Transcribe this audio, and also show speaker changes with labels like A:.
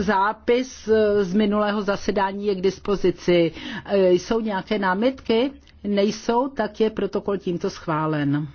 A: zápis eh, z minulého zasedání je k dispozici. Eh, jsou nějaké námitky? Nejsou, tak je protokol tímto schválen.